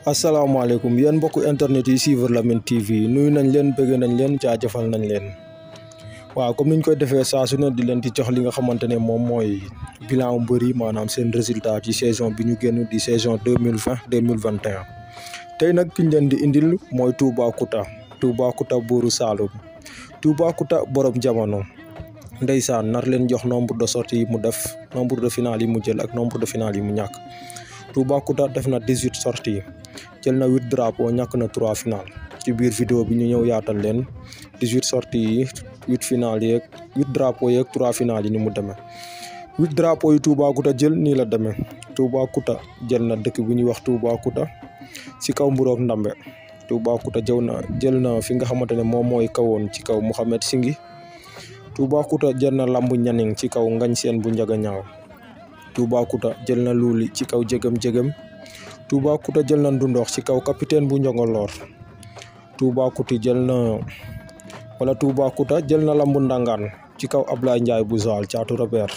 Assalamualaikum. yeen mbokku internet yi suivre TV nuyu nañ leen bëgg nañ leen jaajëfal nañ leen waaw comme niñ koy defé sa su ne di leen ci jox li nga xamantene mom moy bilan mbeuri manam ci saison bi ñu genn di saison 2020-2021. tay nak kiñ vingt di indil tey touba kouta touba kouta boru indil touba kouta borom jamono ndeysaan nar leen jox nombre de sortie yi mu def nombre de finale yi mu jël ak nombre de finale yi mu touba kouta def na 18 sorti. sorties jël na 8 drapeaux ñak na 3 final ci biir vidéo bi ñu ñëw yaatal leen 18 sorties yi huit finales yeeg huit drapeaux yeeg trois finales yi ni mu demee. huit drapeaux yi Kouta jël ni la Touba Kouta jël na dëkk bu ñu wax Touba Kouta ci kaw Mburoog Ndambe Touba Kouta jël na jël na fi nga xamantene mo moy kawon ci kaw Mohamed Singi Touba Kouta jël na lamb ñaning ci kaw ngañ seen bu njaga ñaaw Kouta jël na luli ci kaw jëgëm jëgëm Toubacouta jël na Ndundox ci kaw capitaine bu Njongoloor Toubacouta jël na wala Toubacouta jël na lambu Ndangaan ci kaw Ablaye Ndiaye bu Zaal caatu Robert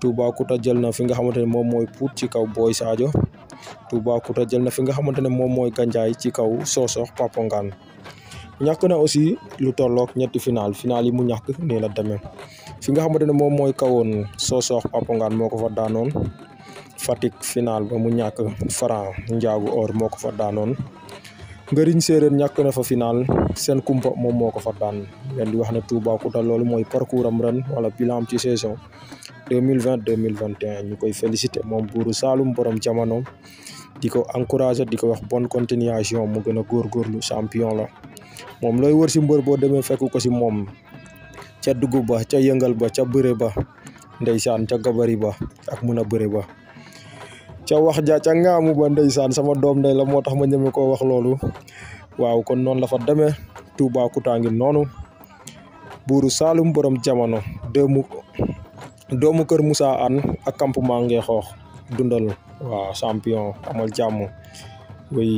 Toubacouta jël na fi nga xamante ne moom mooy Pout ci kaw Boy Sadio Toubacouta jël na fi nga xamante ne moom mooy Gandiaye ci kaw Soosox Papongaan ñàkk na aussi lu tollook ñetti final final yi mu ñàkk nii la demee fi nga xamante ne moom mooy kawoon Soosox Papongaan moo ko fa daanoon fatik final ba mu ñak faran ndiagu or moko fa daanoon ngëriñ sereen ñak na fa final sen kumpa mom moko fa daan leen di wax touba Toubacouta loolu mooy moy parcoursam ran wala bilan ci saison 2020 2021 ñukoy féliciter mom moom salum borom jamono diko encourager diko wax bonne continuation mu gën gor góorgóorlu champion la mom loy wër ci mbër bo démé fekk ko si mom ca dugub ba ca yëngal ba ca bëre ba ndaysan ca gabari ba ak ba ca wax ja ca ngaamu ba ndeysaan sama doom nday la moo tax ma ñeme koo wax loolu waaw kon noonu la fa demee Toubacouta ngi noonu buuru Saalum borom jamono doomu doomu kër musa an ak campement ngee xoox dundal waaw champion amal jamu. way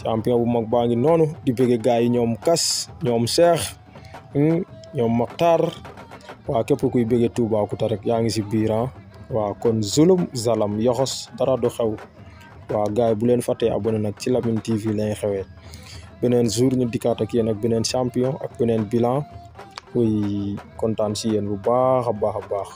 champion bu mag baa ngi noonu di bëgge gaay yi ñoom kas ñoom Cheikh hmm, ñoom Maktar waaw képp kuy bëgge Toubacouta rek yaa ngi si biir ah waaw kon zulum zalam yoxos dara du xew waaw gars yi bu leen fàttee abonné nag ci Lamyn TV lay xewee beneen jour ñu dikkaat ak yéen ak beneen champion ak beneen bilan muy kontaan si yéen bu baax a baax a baax